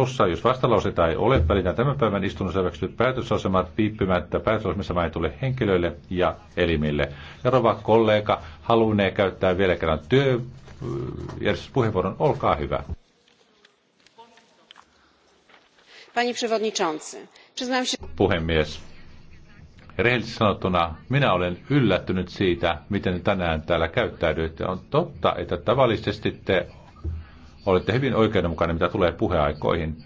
lossa, jos vastalauseita ei ole, välitään tämän päivän istunnossa hyväksytyt päätösasemat viippimättä päätösasemissa mainituille henkilöille ja elimille. Ja rova kollega halunnee käyttää vielä kerran työjärjestyspuheenvuoron. Olkaa hyvä. Puhemies, rehellisesti sanottuna minä olen yllättynyt siitä, miten tänään täällä käyttäydyitte. On totta, että tavallisesti te Olette hyvin oikeudenmukainen, mitä tulee puheaikoihin.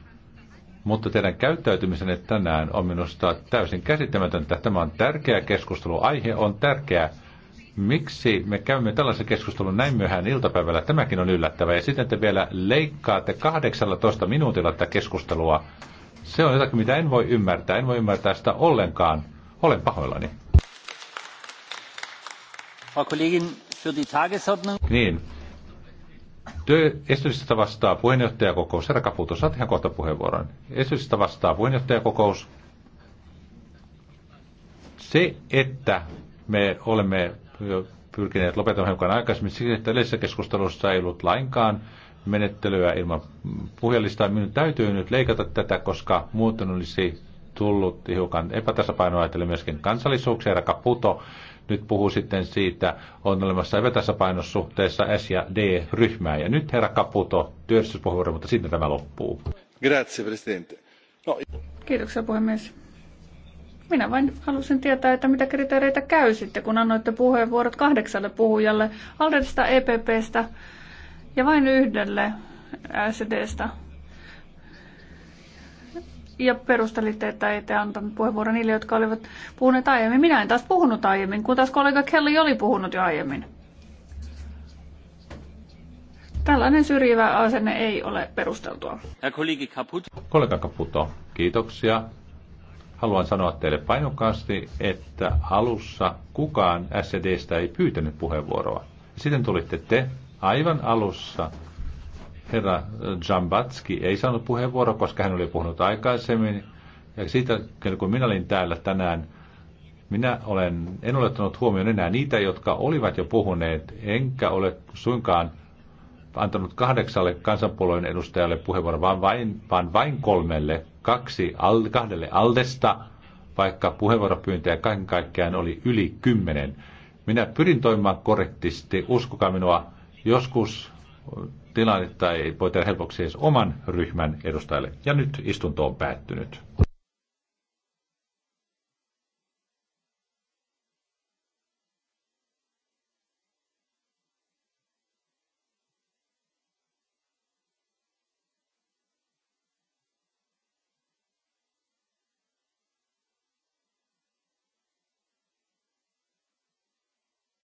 Mutta teidän käyttäytymisenne tänään on minusta täysin käsittämätöntä. Tämä on tärkeä keskustelu. Aihe on tärkeä. Miksi me käymme tällaisen keskustelun näin myöhään iltapäivällä? Tämäkin on yllättävää. Ja sitten te vielä leikkaatte 18 minuutilla tätä keskustelua. Se on jotakin, mitä en voi ymmärtää. En voi ymmärtää sitä ollenkaan. Olen pahoillani. Frau Kollegin, niin, Työ vastaa puheenjohtajakokous. Herra Kaputo, saat ihan kohta puheenvuoron. Esityksestä vastaa puheenjohtajakokous. Se, että me olemme pyrkineet lopettamaan hiukan aikaisemmin siksi, että yleisessä keskustelussa ei ollut lainkaan menettelyä ilman puhelista. Minun täytyy nyt leikata tätä, koska muuten olisi tullut hiukan epätasapainoa ajatellen myöskin kansallisuuksia. Herra Kaputo nyt puhuu sitten siitä, on olemassa epätasapainosuhteessa S- ja D-ryhmää. Ja nyt herra Caputo, työllisyyspuheenvuoro, mutta sitten tämä loppuu. Grazie, presidente. No. Kiitoksia, puhemies. Minä vain halusin tietää, että mitä kriteereitä käy sitten kun annoitte puheenvuorot kahdeksalle puhujalle Alderista, EPPstä ja vain yhdelle SDstä ja perustelitte, että ette antanut puheenvuoron niille, jotka olivat puhuneet aiemmin. Minä en taas puhunut aiemmin, kun taas kollega Kelly oli puhunut jo aiemmin. Tällainen syrjivä asenne ei ole perusteltua. Kollega Caputo, kiitoksia. Haluan sanoa teille painokkaasti, että alussa kukaan SEDstä ei pyytänyt puheenvuoroa. Sitten tulitte te aivan alussa herra Jambatski ei saanut puheenvuoroa, koska hän oli puhunut aikaisemmin. Ja siitä, kun minä olin täällä tänään, minä olen, en ole ottanut huomioon enää niitä, jotka olivat jo puhuneet, enkä ole suinkaan antanut kahdeksalle kansanpuolueen edustajalle puheenvuoron, vaan vain, vaan vain kolmelle, kaksi, kahdelle Aldesta, vaikka puheenvuoropyyntöjä kaiken kaikkiaan oli yli kymmenen. Minä pyrin toimimaan korrektisti, uskokaa minua, joskus tilannetta ei voi tehdä helpoksi edes oman ryhmän edustajille. Ja nyt istunto on päättynyt.